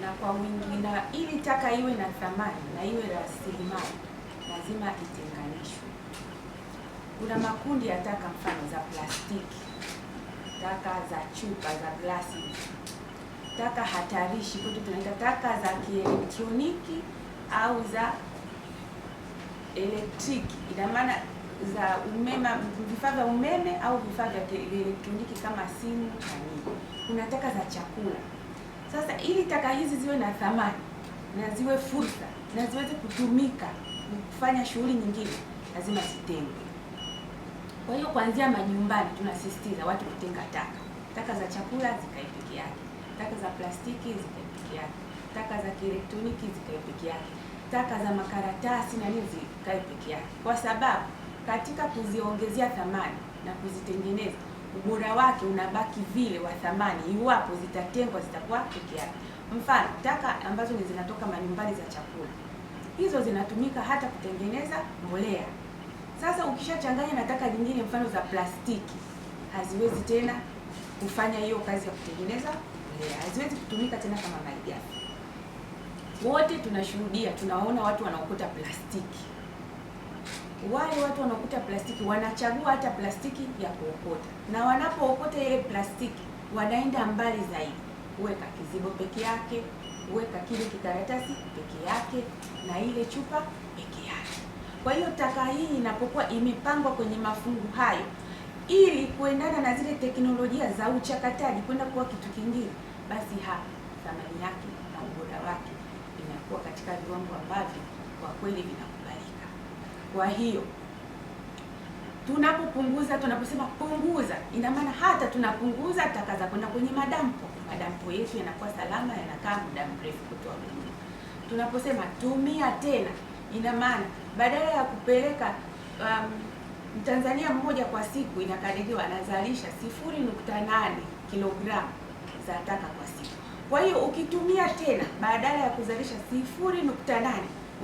na kwa wingi, na ili taka iwe na thamani na iwe rasilimali lazima itenganishwe. Kuna makundi ya taka, mfano za plastiki, taka za chupa za glasi, taka hatarishi kwetu tunaita taka za kielektroniki au za elektriki, ina maana za umeme, vifaa vya umeme au vifaa vya kielektroniki kama simu na nini. Kuna taka za chakula sasa ili taka hizi ziwe na thamani na ziwe fursa na ziweze kutumika kufanya shughuli nyingine, lazima zitengwe. Kwa hiyo kuanzia majumbani tunasisitiza watu kutenga taka, taka za chakula zikae peke yake, taka za plastiki zikae peke yake, taka za kielektroniki zikae peke yake, taka za makaratasi na nini zikae peke yake, kwa sababu katika kuziongezea thamani na kuzitengeneza ubora wake unabaki vile wa thamani iwapo zitatengwa, zitakuwa peke yake. Mfano, taka ambazo ni zinatoka manyumbani za chakula, hizo zinatumika hata kutengeneza mbolea. Sasa ukishachanganya na taka nyingine, mfano za plastiki, haziwezi tena kufanya hiyo kazi ya kutengeneza mbolea, haziwezi kutumika tena kama malighafi. Wote tunashuhudia, tunaona watu wanaokota plastiki wale watu wanaokuta plastiki wanachagua hata plastiki ya kuokota, na wanapookota ile plastiki wanaenda mbali zaidi, weka kizibo peke yake, weka kile kikaratasi peke yake, na ile chupa peke yake. Kwa hiyo taka hii inapokuwa imepangwa kwenye mafungu hayo, ili kuendana na zile teknolojia za uchakataji kwenda kuwa kitu kingine, basi hapa thamani yake na ubora wake inakuwa katika viwango ambavyo kwa kweli vinakuwa kwa hiyo tunapopunguza, tunaposema punguza, ina maana hata tunapunguza taka za kwenda kwenye madampo. Madampo yetu yanakuwa salama, yanakaa muda mrefu kutoa huduma. Tunaposema tumia tena, ina maana badala ya kupeleka um, Mtanzania mmoja kwa siku inakadiriwa anazalisha 0.8 kilogramu za taka kwa siku. Kwa hiyo ukitumia tena badala ya kuzalisha 0.8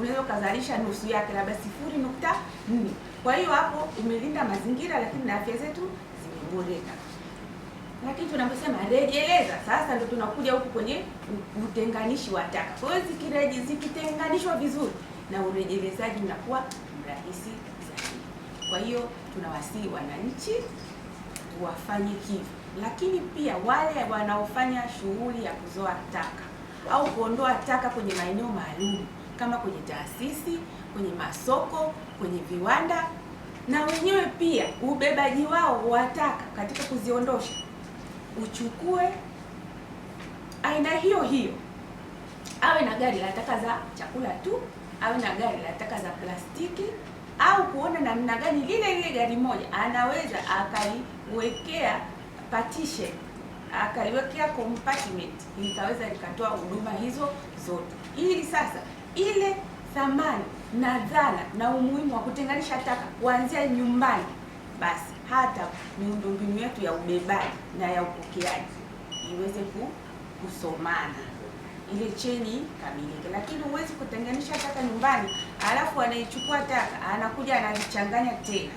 unaweza ukazalisha nusu yake, labda sifuri nukta nne. Kwa hiyo hapo umelinda mazingira, lakini na afya zetu zimeboreka. Lakini tunaposema rejeleza, sasa ndio tunakuja huku kwenye utenganishi wa taka. Kwa hiyo zikireje, zikitenganishwa vizuri na urejelezaji unakuwa mrahisi zaidi. Kwa hiyo tunawasihi wananchi wafanye hivyo, lakini pia wale wanaofanya shughuli ya kuzoa taka au kuondoa taka kwenye maeneo maalum kama kwenye taasisi, kwenye masoko, kwenye viwanda, na wenyewe pia ubebaji wao huwataka katika kuziondosha uchukue aina hiyo hiyo, awe na gari la taka za chakula tu, awe na gari la taka za plastiki, au kuona namna gani lile lile gari moja anaweza akaiwekea partition akaiwekea compartment, nikaweza nikatoa huduma hizo zote, ili sasa ile thamani na dhana na umuhimu wa kutenganisha taka kuanzia nyumbani, basi hata miundombinu yetu ya ubebaji na ya upokeaji iweze kusomana, ile cheni kamilike. Lakini huwezi kutenganisha taka nyumbani, alafu anaichukua taka anakuja anazichanganya tena,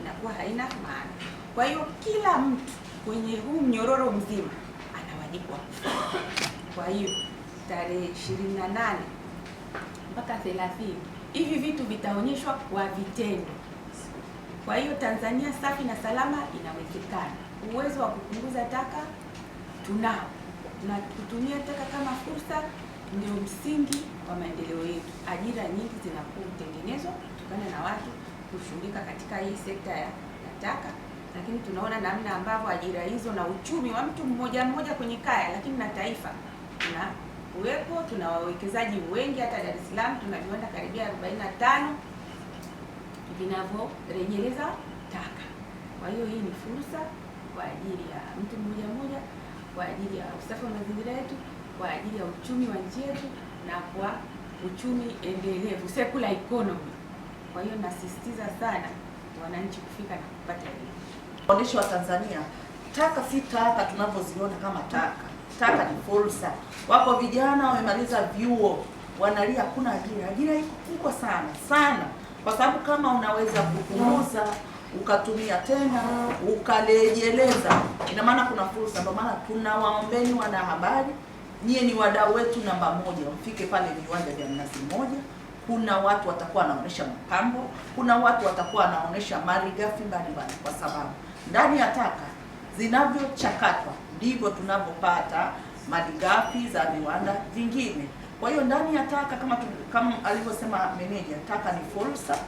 inakuwa haina maana. Kwa hiyo kila mtu kwenye huu mnyororo mzima anawajibu. wa Kwa hiyo tarehe 28 mpaka 30. Hivi vitu vitaonyeshwa kwa vitendo. Kwa hiyo Tanzania safi na salama inawezekana. Uwezo wa kupunguza taka tunao, na kutumia taka kama fursa ndio msingi wa maendeleo yetu. Ajira nyingi kutengenezwa kutokana na watu kushughulika katika hii sekta ya, ya taka, lakini tunaona namna ambavyo ajira hizo na uchumi wa mtu mmoja mmoja kwenye kaya, lakini na taifa tuna kuwepo. Tuna wawekezaji wengi, hata Dar es Salaam tuna viwanda karibia 45 vinavyorejeleza taka. Kwa hiyo hii ni fursa kwa ajili ya mtu mmoja mmoja, kwa ajili ya usafi wa mazingira yetu, kwa ajili ya uchumi wa nchi yetu na kwa uchumi endelevu, circular economy. Kwa hiyo nasisitiza sana wananchi kufika na kupata elimu. Waonyeshe wa Tanzania taka si taka tunavyoziona kama taka taka ni fursa. Wako vijana wamemaliza vyuo wanalia hakuna ajira. Ajira iko kubwa sana sana, kwa sababu kama unaweza kupunguza ukatumia tena ukarejeleza, ina maana kuna fursa. Ndio maana tunawaombeni wanahabari, nyie ni wadau wetu namba moja, mfike pale viwanja vya Mnazi Mmoja. Kuna watu watakuwa wanaonesha mapambo, kuna watu watakuwa wanaonesha mali gafi mbalimbali, kwa sababu ndani ya taka zinavyochakatwa ndivyo tunavyopata malighafi za viwanda vingine. Kwa hiyo ndani ya taka kama, kama alivyosema meneja, taka ni fursa,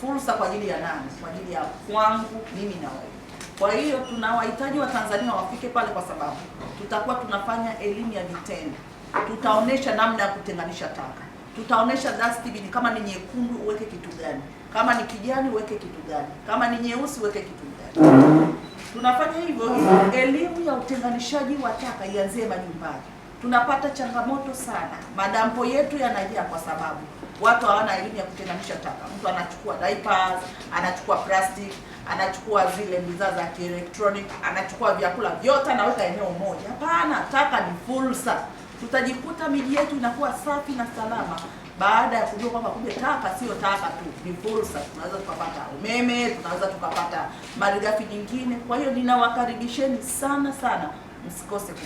fursa kwa ajili ya nani? Kwa ajili ya kwangu mimi na wewe. Kwa hiyo tunawahitaji Watanzania wafike pale, kwa sababu tutakuwa tunafanya elimu ya vitendo, tutaonesha namna ya kutenganisha taka, tutaonesha dustbin, kama ni nyekundu uweke kitu gani, kama ni kijani uweke kitu gani, kama ni nyeusi uweke kitu gani. Tunafanya hivyo ah. elimu ya utenganishaji wa taka ianzie majumbani. Tunapata changamoto sana, madampo yetu yanajaa kwa sababu watu hawana elimu ya kutenganisha taka. Mtu anachukua diapers, anachukua plastic, anachukua zile bidhaa za kielektroniki, anachukua vyakula vyote, anaweka eneo moja. Hapana, taka ni fursa. Tutajikuta miji yetu inakuwa safi na salama baada ya kujua kwamba kumbe taka sio taka tu, ni fursa. Tunaweza tukapata umeme, tunaweza tukapata malighafi nyingine. Kwa hiyo ninawakaribisheni sana sana, msikose ku